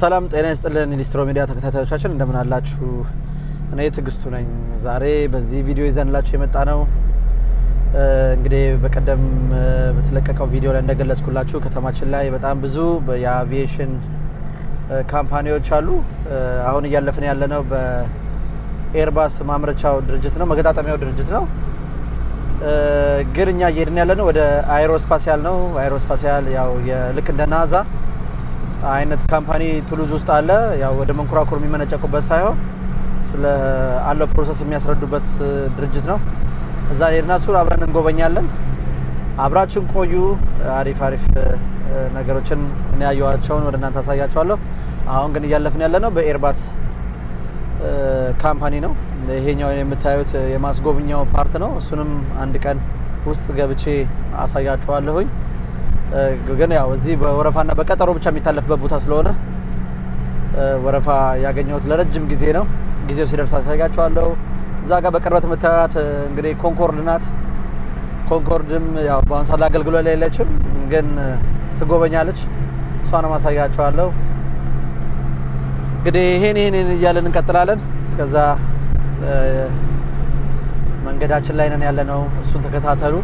ሰላም ጤና ይስጥልን ሊስትሮ ሚዲያ ተከታታዮቻችን እንደምን አላችሁ? እኔ ትዕግስቱ ነኝ። ዛሬ በዚህ ቪዲዮ ይዘንላችሁ የመጣ ነው እንግዲህ በቀደም በተለቀቀው ቪዲዮ ላይ እንደገለጽኩላችሁ ከተማችን ላይ በጣም ብዙ የአቪዬሽን ካምፓኒዎች አሉ። አሁን እያለፍን ያለነው በኤርባስ ማምረቻው ድርጅት ነው፣ መገጣጠሚያው ድርጅት ነው። ግን እኛ እየሄድን ያለነው ወደ አይሮስፓሲያል ነው። አይሮስፓሲያል ያው ልክ እንደ ናዛ አይነት ካምፓኒ ቱሉዝ ውስጥ አለ። ያው ወደ መንኮራኩር የሚመነጨቁበት ሳይሆን ስለ አለው ፕሮሰስ የሚያስረዱበት ድርጅት ነው። እዛ ሄድና እሱን አብረን እንጎበኛለን። አብራችን ቆዩ። አሪፍ አሪፍ ነገሮችን እኔ ያየኋቸውን ወደ እናንተ አሳያቸዋለሁ። አሁን ግን እያለፍን ያለ ነው በኤርባስ ካምፓኒ ነው። ይሄኛው የምታዩት የማስጎብኛው ፓርት ነው። እሱንም አንድ ቀን ውስጥ ገብቼ አሳያችኋለሁኝ። ግን ያው እዚህ በወረፋና በቀጠሮ ብቻ የሚታለፍበት ቦታ ስለሆነ ወረፋ ያገኘሁት ለረጅም ጊዜ ነው። ጊዜው ሲደርስ አሳያቸዋለሁ። እዛ ጋር በቅርበት የምታያት እንግዲህ ኮንኮርድ ናት። ኮንኮርድም ያው በአሁን ሰዓት አገልግሎት ላይ የለችም፣ ግን ትጎበኛለች። እሷን ማሳያቸዋለሁ። እንግዲህ ይሄን ይሄን እያለን እንቀጥላለን። እስከዛ መንገዳችን ላይ ነን ያለ ነው። እሱን ተከታተሉ።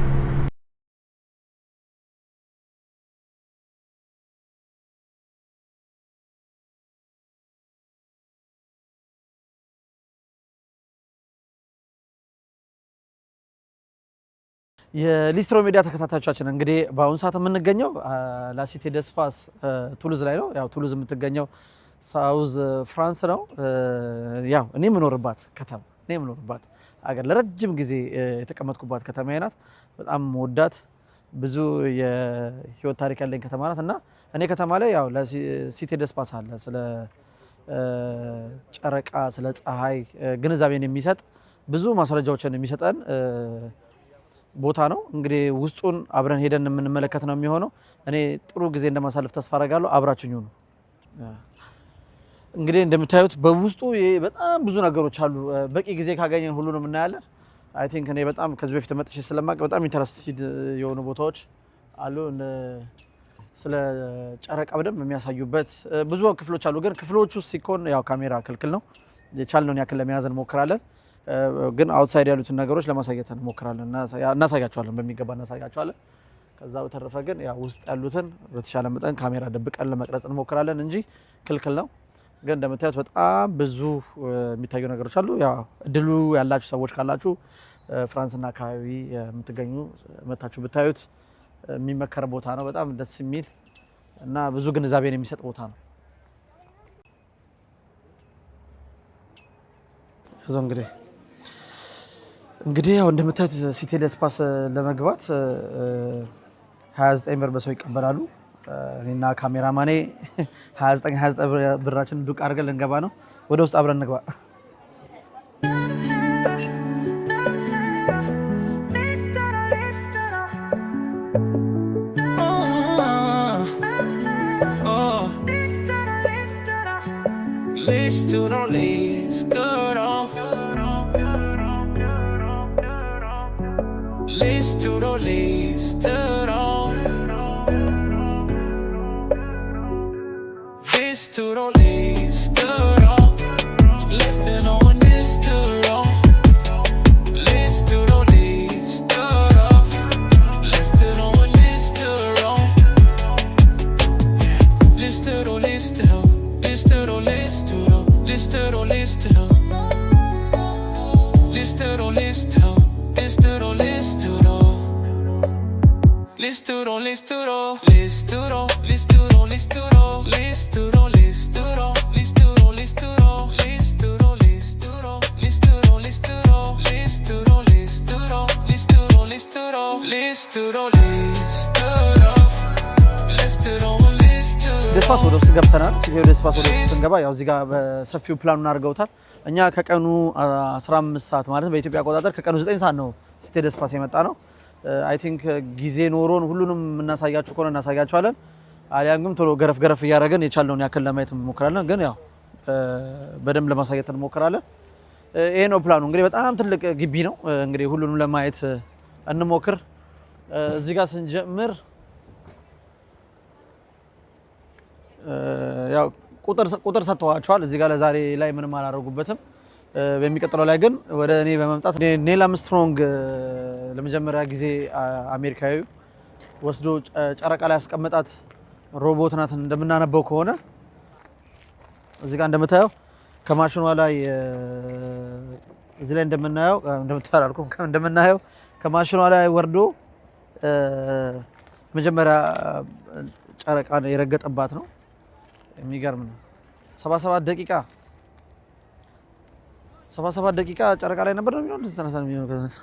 የሊስትሮ ሚዲያ ተከታታዮቻችን እንግዲህ በአሁኑ ሰዓት የምንገኘው ላሲቴ ደስፓስ ቱሉዝ ላይ ነው። ያው ቱሉዝ የምትገኘው ሳውዝ ፍራንስ ነው። ያው እኔ የምኖርባት ከተማ እኔ የምኖርባት አገር ለረጅም ጊዜ የተቀመጥኩባት ከተማ ናት። በጣም ወዳት ብዙ የህይወት ታሪክ ያለኝ ከተማ ናት እና እኔ ከተማ ላይ ያው ለሲቴ ደስፓስ አለ ስለ ጨረቃ ስለ ፀሐይ ግንዛቤን የሚሰጥ ብዙ ማስረጃዎችን የሚሰጠን ቦታ ነው። እንግዲህ ውስጡን አብረን ሄደን የምንመለከት ነው የሚሆነው። እኔ ጥሩ ጊዜ እንደማሳልፍ ተስፋ አደርጋለሁ። አብራችኝ ሁኑ። እንግዲህ እንደምታዩት በውስጡ በጣም ብዙ ነገሮች አሉ። በቂ ጊዜ ካገኘን ሁሉንም እናያለን። አይ ቲንክ እኔ በጣም ከዚህ በፊት መጥቼ ስለማቅ በጣም ኢንተረስቲድ የሆኑ ቦታዎች አሉ። ስለ ጨረቃ በደንብ የሚያሳዩበት ብዙ ክፍሎች አሉ። ግን ክፍሎቹ ሲኮን ያው ካሜራ ክልክል ነው። የቻልነውን ያክል ለመያዝ እንሞክራለን። ግን አውትሳይድ ያሉትን ነገሮች ለማሳየት እንሞክራለን፣ እናሳያቸዋለን፣ በሚገባ እናሳያቸዋለን። ከዛ በተረፈ ግን ያው ውስጥ ያሉትን በተሻለ መጠን ካሜራ ደብቀን ለመቅረጽ እንሞክራለን እንጂ ክልክል ነው። ግን እንደምታዩት በጣም ብዙ የሚታዩ ነገሮች አሉ። ያው እድሉ ያላችሁ ሰዎች ካላችሁ ፍራንስና አካባቢ የምትገኙ መታችሁ ብታዩት የሚመከር ቦታ ነው። በጣም ደስ የሚል እና ብዙ ግንዛቤን የሚሰጥ ቦታ ነው። እዞ እንግዲህ እንግዲህ ያው እንደምታዩት ሲቴ ለስፓስ ለመግባት 29 ብር በሰው ይቀበላሉ። እኔና ካሜራማኔ 29 29 ብራችን ዱቅ አድርገን ልንገባ ነው። ወደ ውስጥ አብረን እንግባ። Let's do no less good tur och listor och Listor och nistor och Listor och listor och Listor och nistor och Listor och listor Listor och listor och Listor och listor Listor och listor Listor och listor och Listuro, listuro, listuro, listuro, listuro, listuro, listuro. ደስፋስ ወደ ውስጥ ገብተናል። ደስፋስ ወደ ውስጥ ስንገባ ያው እዚህ ጋር በሰፊው ፕላኑን አድርገውታል። እኛ ከቀኑ 15 ሰዓት ማለት በኢትዮጵያ አቆጣጠር ከቀኑ 9 ሰዓት ነው ሲቴ ደስፋስ የመጣ ነው። አይ ቲንክ ጊዜ ኖሮን ሁሉንም እናሳያችሁ ከሆነ እናሳያችኋለን። አሊያም ግን ቶሎ ገረፍ ገረፍ እያደረገን የቻልነውን ያክል ለማየት እንሞክራለን። ግን ያው በደንብ ለማሳየት እንሞክራለን። ይሄ ነው ፕላኑ። እንግዲህ በጣም ትልቅ ግቢ ነው። እንግዲህ ሁሉንም ለማየት እንሞክር። እዚህ ጋር ስንጀምር ያው ቁጥር ቁጥር ሰጥተዋቸዋል። እዚህ ጋር ለዛሬ ላይ ምንም አላደረጉበትም። በሚቀጥለው ላይ ግን ወደ እኔ በመምጣት ኔል አምስትሮንግ ለመጀመሪያ ጊዜ አሜሪካዊ ወስዶ ጨረቃ ላይ ያስቀመጣት ሮቦት ናት እንደምናነበው ከሆነ እዚህ ጋር እንደምታየው ከማሽኗ ላይ እዚህ ላይ እንደምናየው እንደምታየው ከማሽኗ ላይ ወርዶ መጀመሪያ ጨረቃ የረገጠባት ነው። የሚገርም ነው። 77 ደቂቃ 77 ደቂቃ ጨረቃ ላይ ነበር ነው የሚሆን የሚሆነው።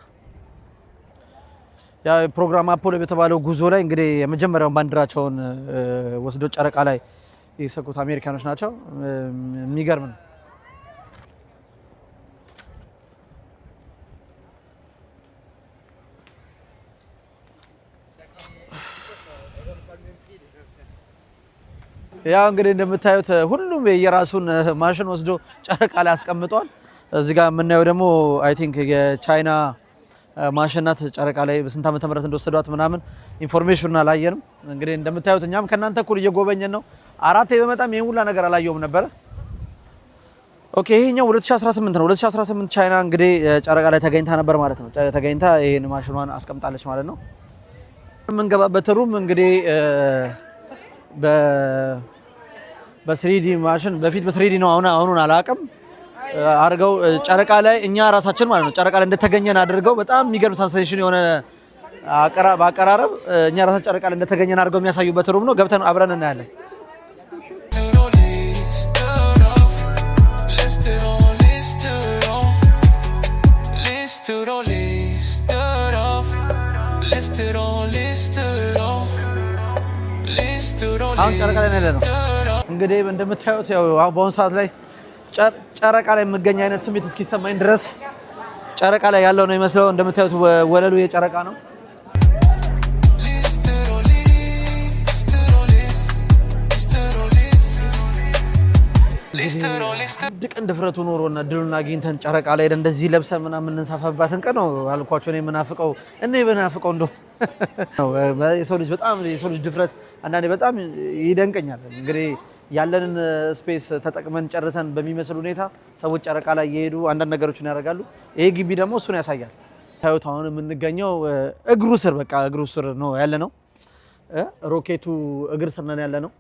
ያ ፕሮግራም አፖሎ በተባለው ጉዞ ላይ እንግዲህ የመጀመሪያውን ባንዲራቸውን ወስዶ ጨረቃ ላይ የሰኩት አሜሪካኖች ናቸው። የሚገርም ነው። ያው እንግዲህ እንደምታዩት ሁሉም የየራሱን ማሽን ወስዶ ጨረቃ ላይ አስቀምጧል። እዚህ ጋር የምናየው ደግሞ አይ ቲንክ የቻይና ማሽን ናት። ጨረቃ ላይ በስንት ዓመተ ምህረት እንደወሰዷት ምናምን ኢንፎርሜሽኑን አላየንም። እንግዲህ እንደምታዩት እኛም ከእናንተ እኩል እየጎበኘን ነው። አራቴ በመጣም ይህን ሁላ ነገር አላየውም ነበረ። ኦኬ ይሄኛው 2018 ነው። 2018 ቻይና እንግዲህ ጨረቃ ላይ ተገኝታ ነበር ማለት ነው። ተገኝታ ይሄን ማሽኗን አስቀምጣለች ማለት ነው። የምንገባበት ሩም እንግዲህ በስሪዲ ማሽን በፊት በስሪዲ ነው። አሁን አሁኑን አላውቅም አድርገው ጨረቃ ላይ እኛ ራሳችን ማለት ነው ጨረቃ ላይ እንደተገኘን አድርገው በጣም የሚገርም ሳንሴሽን የሆነ በአቀራረብ እኛ ራሳችን ጨረቃ ላይ እንደተገኘን አድርገው የሚያሳዩበት ሩም ነው። ገብተን አብረን እናያለን። አሁን ጨረቃ ላይ ነው ያለነው። እንግዲህ እንደምታዩት ያው በአሁኑ ሰዓት ላይ ጨረቃ ላይ የምገኝ አይነት ስሜት እስኪሰማኝ ድረስ ጨረቃ ላይ ያለው ነው የሚመስለው። እንደምታዩት ወለሉ የጨረቃ ነው። አንድ ቀን ኖሮ እና ድሉን አግኝተን ጨረቃ ላይ እንደዚህ ለብሰ ምና የምንንሳፈፍባትን ቀን ነው አልኳቸው። እኔ የምናፍቀው እኔ የምናፍቀው እንደው የሰው ልጅ በጣም የሰው ልጅ ድፍረት አንዳንዴ በጣም ይደንቀኛል። እንግዲህ ያለንን ስፔስ ተጠቅመን ጨርሰን በሚመስል ሁኔታ ሰዎች ጨረቃ ላይ እየሄዱ አንዳንድ ነገሮችን ያደርጋሉ። ይሄ ግቢ ደግሞ እሱን ያሳያል። ታዩት አሁን የምንገኘው እግሩ ስር በቃ እግሩ ስር ነው ያለ ነው። ሮኬቱ እግር ስር ነን ያለ ነው።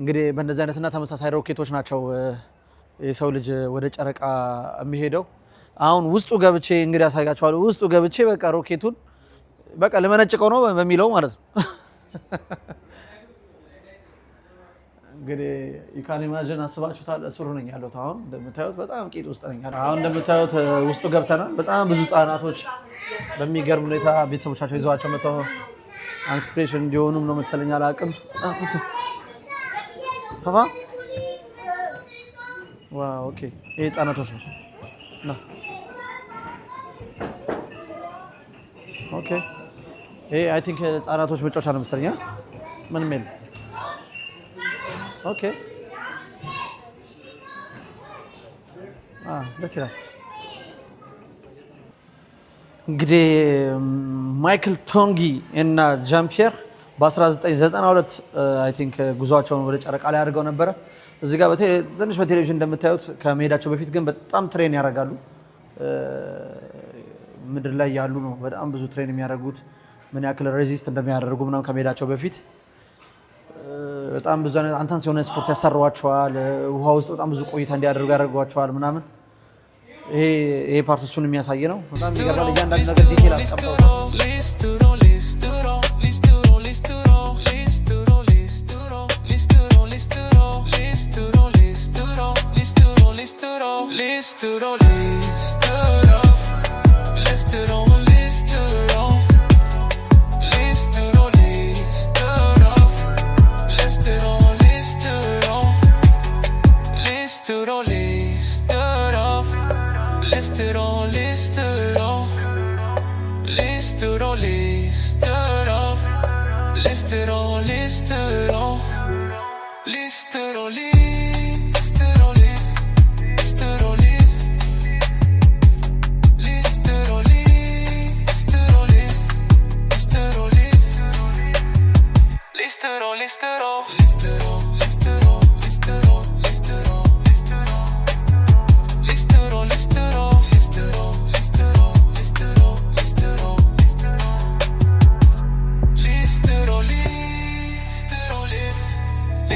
እንግዲህ በእንደዚህ አይነትና ተመሳሳይ ሮኬቶች ናቸው የሰው ልጅ ወደ ጨረቃ የሚሄደው። አሁን ውስጡ ገብቼ እንግዲህ ያሳያቸዋለሁ። ውስጡ ገብቼ በቃ ሮኬቱን በቃ ልመነጭቀው ነው በሚለው ማለት ነው። እንግዲህ ዩካን ኢማጅን አስባችሁታል። እስሩ ነኝ ያለሁት አሁን እንደምታዩት በጣም ቂጥ ውስጥ ነኝ። አሁን እንደምታዩት ውስጡ ገብተናል። በጣም ብዙ ህጻናቶች በሚገርም ሁኔታ ቤተሰቦቻቸው ይዘዋቸው መጥተው አንስፕሬሽን እንዲሆኑም ነው መሰለኝ አላቅም። ሰፋ ኦኬ፣ ህጻናቶች ነው። ኦኬ፣ አይ ቲንክ ህጻናቶች መጫወቻ ነው መሰለኝ። ምንም የለም ኦኬ ደስ ይላል። እንግዲህ ማይክል ቶንጊ እና ጃምፒየር በ1992 አይ ቲንክ ጉዟቸውን ወደ ጨረቃ ላይ አድርገው ነበረ። እዚህ ጋር ትንሽ በቴሌቪዥን እንደምታዩት ከመሄዳቸው በፊት ግን በጣም ትሬን ያደርጋሉ። ምድር ላይ ያሉ ነው በጣም ብዙ ትሬን የሚያደርጉት ምን ያክል ሬዚስት እንደሚያደርጉ ምናምን ከመሄዳቸው በፊት በጣም ብዙ አይነት አንተን ሲሆነ ስፖርት ያሰሯቸዋል። ውሃ ውስጥ በጣም ብዙ ቆይታ እንዲያደርጉ ያደርጓቸዋል ምናምን። ይሄ ፓርት እሱን የሚያሳይ ነው። በጣም ይገርማል። እያንዳንዱ ነገር Listor och listor av Listor och listor av Listor och listor av Listor och listor av Listor och listor och listor och listor och listor och listor och listor och listor och listor och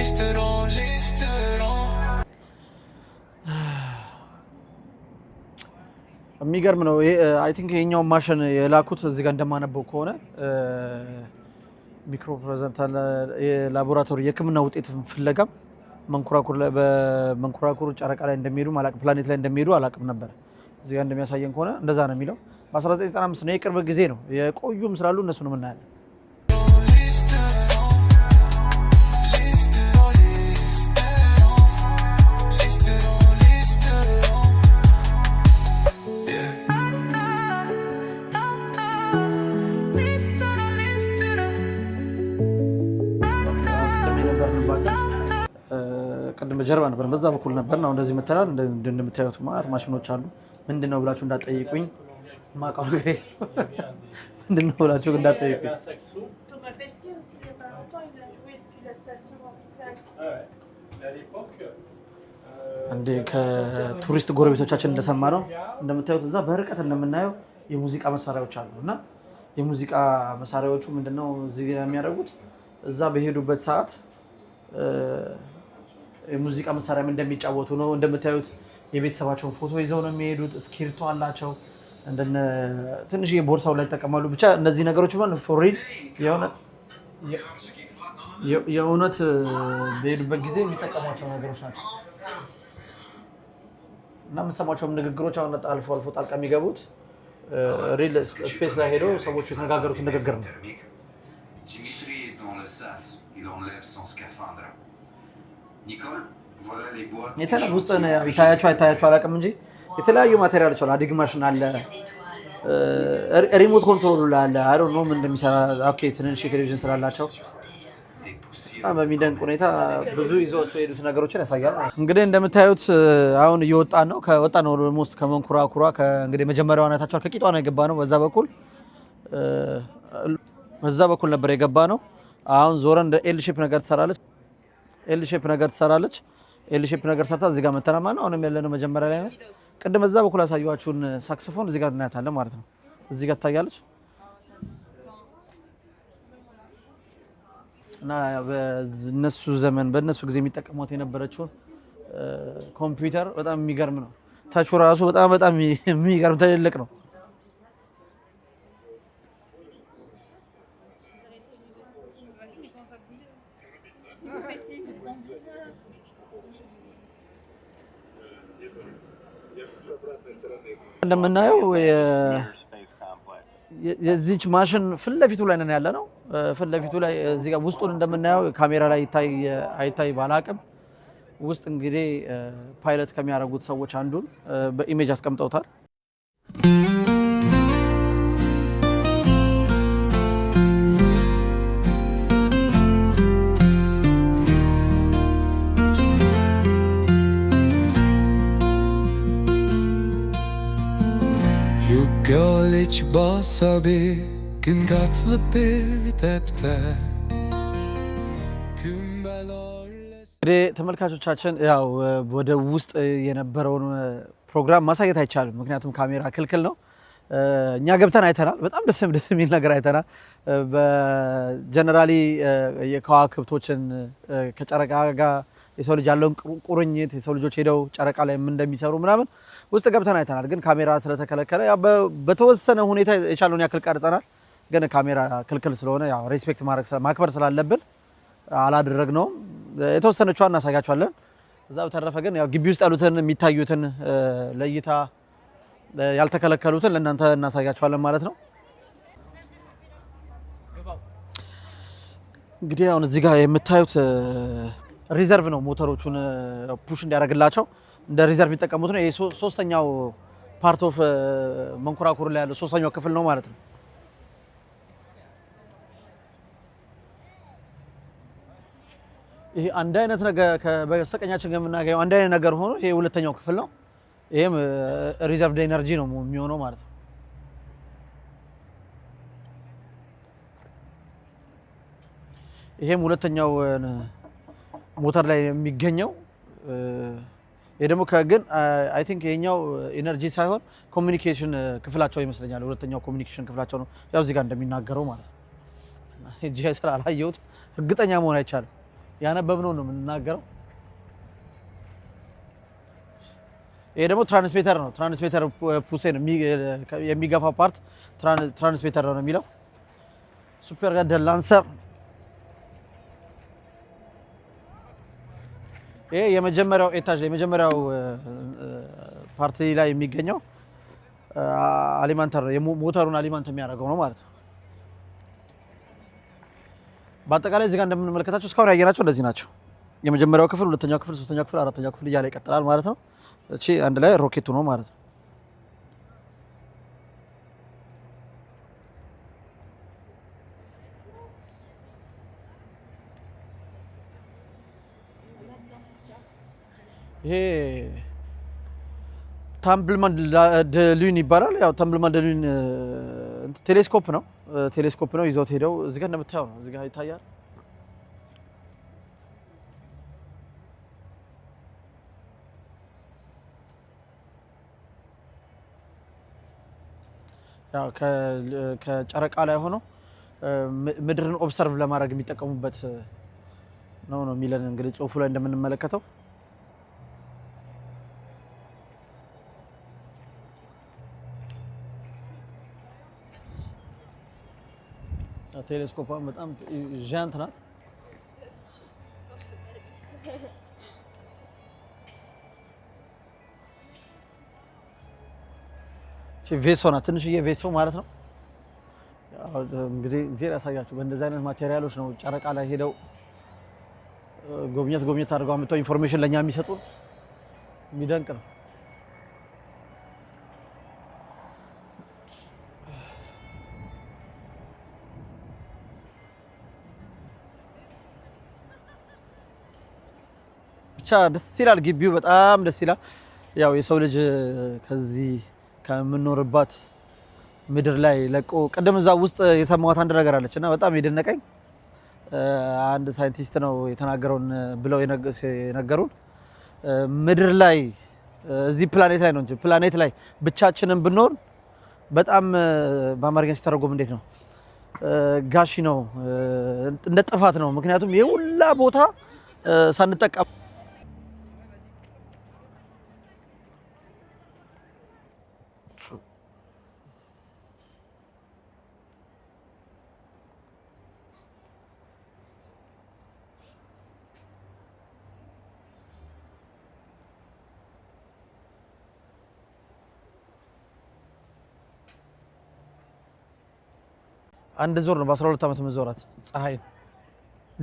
Listeron, listeron የሚገርም ነው። አይ ቲንክ የኛው ማሽን የላኩት እዚህ ጋር እንደማነበው ከሆነ ሚክሮ ፕሬዘንታል የላቦራቶሪ የሕክምና ውጤት ፍለጋም መንኮራኩር ጨረቃ ላይ እንደሚሄዱ ፕላኔት ላይ እንደሚሄዱ አላቅም ነበር። እዚህ ጋር እንደሚያሳየን ከሆነ እንደዛ ነው የሚለው። በ1995 ነው የቅርብ ጊዜ ነው። የቆዩም ስላሉ እነሱ ነው እናያለን። በጀርባ ነበር፣ በዛ በኩል ነበር ነው እንደዚህ የምትላል። እንደምታዩት ማለት ማሽኖች አሉ። ምንድን ነው ብላችሁ እንዳጠይቁኝ ማውቀው ነገር የለም። ምንድን ነው ብላችሁ እንዳጠይቁኝ። እንዴ ከቱሪስት ጎረቤቶቻችን እንደሰማ ነው እንደምታዩት፣ እዛ በርቀት እንደምናየው የሙዚቃ መሳሪያዎች አሉ እና የሙዚቃ መሳሪያዎቹ ምንድነው እዚህ የሚያደርጉት እዛ በሄዱበት ሰዓት የሙዚቃ መሳሪያም እንደሚጫወቱ ነው። እንደምታዩት የቤተሰባቸውን ፎቶ ይዘው ነው የሚሄዱት። እስክሪብቶ አላቸው። እንደነ ትንሽ ቦርሳው ላይ ይጠቀማሉ። ብቻ እነዚህ ነገሮች ማለት ፎሪን የእውነት በሄዱበት ጊዜ የሚጠቀሟቸው ነገሮች ናቸው እና የምንሰማቸውም ንግግሮች አሁን አልፎ አልፎ ጣልቃ የሚገቡት ሪል ስፔስ ላይ ሄደው ሰዎቹ የተነጋገሩትን ንግግር ነው። የተለያዩ ውስጥ ይታያቸው አይታያቸው አላውቅም እንጂ የተለያዩ ማቴሪያሎች አሉ። አዲግ ማሽን አለ፣ ሪሞት ኮንትሮሉ ላለ አይ ኖ ምን እንደሚሰራ። ትንንሽ የቴሌቪዥን ስላላቸው በሚደንቅ ሁኔታ ብዙ ይዘዋቸው የሄዱት ነገሮችን ያሳያል። እንግዲህ እንደምታዩት አሁን እየወጣን ነው። ከወጣ ነው ኦልሞስት ከመንኩራኩራ እንግዲህ መጀመሪያው አናታቸው ከቂጧ ነው የገባ ነው። በዛ በኩል በዛ በኩል ነበር የገባ ነው። አሁን ዞረን እንደ ኤል ሼፕ ነገር ትሰራለች። ኤል ሼፕ ነገር ትሰራለች። ኤል ሼፕ ነገር ሰርታ እዚህ ጋር መተናማ ነው። አሁንም ያለነው መጀመሪያ ላይ ነው። ቅድም እዛ በኩል ያሳየኋችሁን ሳክስፎን እዚህ ጋር እናያታለን ማለት ነው። እዚህ ጋር ትታያለች እና በነሱ ዘመን በነሱ ጊዜ የሚጠቀሟት የነበረችውን ኮምፒውተር በጣም የሚገርም ነው። ታቹ ራሱ በጣም በጣም የሚገርም ትልልቅ ነው። Il me እንደምናየው የዚች ማሽን ፊት ለፊቱ ላይ ነን ያለ ነው። ፊት ለፊቱ ላይ እዚህ ጋር ውስጡን እንደምናየው ካሜራ ላይ ይታይ አይታይ ባላቅም ውስጥ እንግዲህ ፓይለት ከሚያደርጉት ሰዎች አንዱን በኢሜጅ አስቀምጠውታል። basa bir Gün tatlı bir tepte እንግዲህ ተመልካቾቻችን ያው ወደ ውስጥ የነበረውን ፕሮግራም ማሳየት አይቻልም፣ ምክንያቱም ካሜራ ክልክል ነው። እኛ ገብተን አይተናል። በጣም ደስ ደስ የሚል ነገር አይተናል። በጀነራሊ የከዋክብቶችን ከጨረቃ ጋር የሰው ልጅ ያለውን ቁርኝት የሰው ልጆች ሄደው ጨረቃ ላይ እንደሚሰሩ ምናምን ውስጥ ገብተን አይተናል፣ ግን ካሜራ ስለተከለከለ በተወሰነ ሁኔታ የቻለውን ያክል ቀርጸናል። ግን ካሜራ ክልክል ስለሆነ ያው ሬስፔክት ማድረግ ማክበር ስላለብን አላደረግነውም። የተወሰነችዋ እናሳያቸዋለን። እዛ በተረፈ ግን ያው ግቢ ውስጥ ያሉትን የሚታዩትን ለእይታ ያልተከለከሉትን ለእናንተ እናሳያቸዋለን ማለት ነው። እንግዲህ አሁን እዚህ ጋር የምታዩት ሪዘርቭ ነው ሞተሮቹን ፑሽ እንዲያደርግላቸው እንደ ሪዘርቭ የሚጠቀሙት ነው። ይሄ ሶስተኛው ፓርት ኦፍ uh, መንኮራኩር ላይ ያለው ሶስተኛው ክፍል ነው ማለት ነው። ይሄ አንድ አይነት ነገር በስተቀኛችን የምናገኘው አንድ አይነት ነገር ሆኖ ይሄ ሁለተኛው ክፍል ነው። ይሄም uh, ሪዘርቭ ኤነርጂ ነው የሚሆነው ማለት ነው። ይሄም ሁለተኛው uh, ሞተር ላይ የሚገኘው ይህ ደግሞ ግን አይ ቲንክ ይሄኛው ኢነርጂ ሳይሆን ኮሚኒኬሽን ክፍላቸው ይመስለኛል። ሁለተኛው ኮሚኒኬሽን ክፍላቸው ነው። ያው እዚህ ጋር እንደሚናገረው ማለት ነው። እጅ ስላላየሁት እርግጠኛ መሆን አይቻልም። ያነበብነው ነው የምንናገረው። ይሄ ደግሞ ትራንስሜተር ነው። ትራንስሜተር ፑሴ ነው የሚገፋ ፓርት ትራንስሜተር ነው የሚለው ሱፐር ጋር ይሄ የመጀመሪያው ኤታጅ የመጀመሪያው ፓርቲ ላይ የሚገኘው አሊማንተር ሞተሩን አሊማንት የሚያደርገው ነው ማለት ነው። በአጠቃላይ እዚህ ጋር እንደምንመለከታቸው እስካሁን ያየናቸው እንደዚህ ናቸው። የመጀመሪያው ክፍል፣ ሁለተኛው ክፍል፣ ሶስተኛው ክፍል፣ አራተኛው ክፍል እያለ ይቀጥላል ማለት ነው። እቺ አንድ ላይ ሮኬቱ ነው ማለት ነው። ይሄ ታምብልማን ደሉን ይባላል። ያው ታምብልማን ደሉን ቴሌስኮፕ ነው ቴሌስኮፕ ነው ይዘውት ሄደው እዚህ ጋር እንደምታየው ነው። እዚህ ጋር ይታያል። ያው ከጨረቃ ላይ ሆኖ ምድርን ኦብሰርቭ ለማድረግ የሚጠቀሙበት ነው ነው የሚለን እንግዲህ ጽሁፉ ላይ እንደምንመለከተው ቴሌስኮፓን በጣም ዣንት ናት። ቬሶ ናት፣ ትንሽዬ ቬሶ ማለት ነው። እንግዲህ እግዚአብሔር ያሳያችሁ። በእንደዚህ አይነት ማቴሪያሎች ነው ጨረቃ ላይ ሄደው ጎብኘት ጎብኘት አድርገው አምጥተው ኢንፎርሜሽን ለእኛ የሚሰጡ የሚደንቅ ነው። ብቻ ደስ ይላል። ግቢው በጣም ደስ ይላል። ያው የሰው ልጅ ከዚህ ከምኖርባት ምድር ላይ ለቆ ቅድም እዛ ውስጥ የሰማሁት አንድ ነገር አለች እና በጣም የደነቀኝ አንድ ሳይንቲስት ነው የተናገረውን ብለው የነገሩን ምድር ላይ እዚህ ፕላኔት ላይ ነው እንጂ ፕላኔት ላይ ብቻችንን ብንኖር በጣም በአማርኛ ሲተረጎም እንዴት ነው ጋሺ ነው እንደ ጥፋት ነው። ምክንያቱም የሁላ ቦታ ሳንጠቀም አንድ ዞር ነው በ12 ዓመት መዞራት ፀሐይ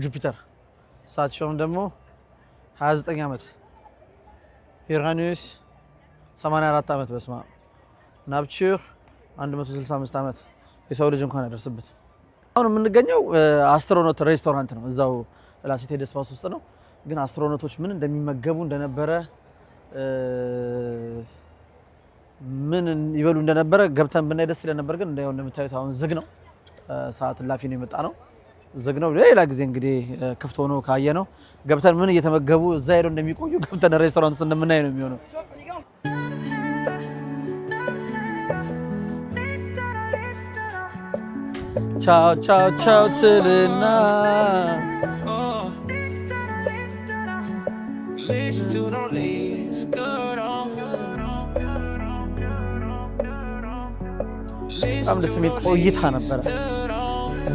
ጁፒተር እሳቸውም ደግሞ 29 ዓመት ዩራኒስ 84 ዓመት በስማ ናፕቹር 165 ዓመት የሰው ልጅ እንኳን ያደርስበት። አሁን የምንገኘው አስትሮኖት ሬስቶራንት ነው፣ እዛው ላሲቴ ደስፋስ ውስጥ ነው። ግን አስትሮኖቶች ምን እንደሚመገቡ እንደነበረ ምን ይበሉ እንደነበረ ገብተን ብናይ ደስ ይለን ነበር። ግን እንደምታዩት አሁን ዝግ ነው። ሰዓት ላፊ ነው የመጣ ነው። ዝግ ነው። ሌላ ጊዜ እንግዲህ ክፍት ሆኖ ካየ ነው ገብተን ምን እየተመገቡ እዛ ሄዶ እንደሚቆዩ ገብተን ሬስቶራንት ውስጥ እንደምናይ ነው የሚሆነው። ቻው ቻው ቻው ትልና oh, Let's do no በጣም ደስ የሚል ቆይታ ነበረ።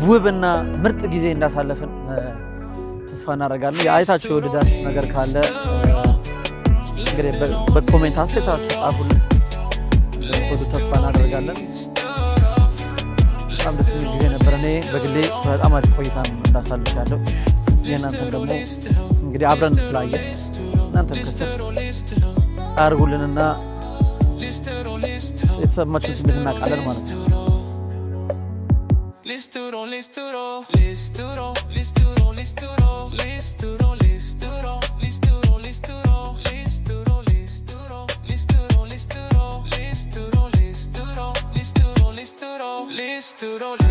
ውብና ምርጥ ጊዜ እንዳሳለፍን ተስፋ እናደርጋለን። የአይታችሁ የወደዳችሁ ነገር ካለ እንግዲህ በኮሜንት አስተያየታችሁ ጻፉልን። ብዙ ተስፋ እናደርጋለን። በጣም ደስ የሚል ጊዜ ነበረ። እኔ በግሌ በጣም አሪፍ ቆይታ እንዳሳልፍ ያለው የእናንተን ደግሞ እንግዲህ አብረን ስላየ እናንተ ክስር አድርጉልንና የተሰማችሁት ቤት እናውቃለን ማለት ነው። Listuro,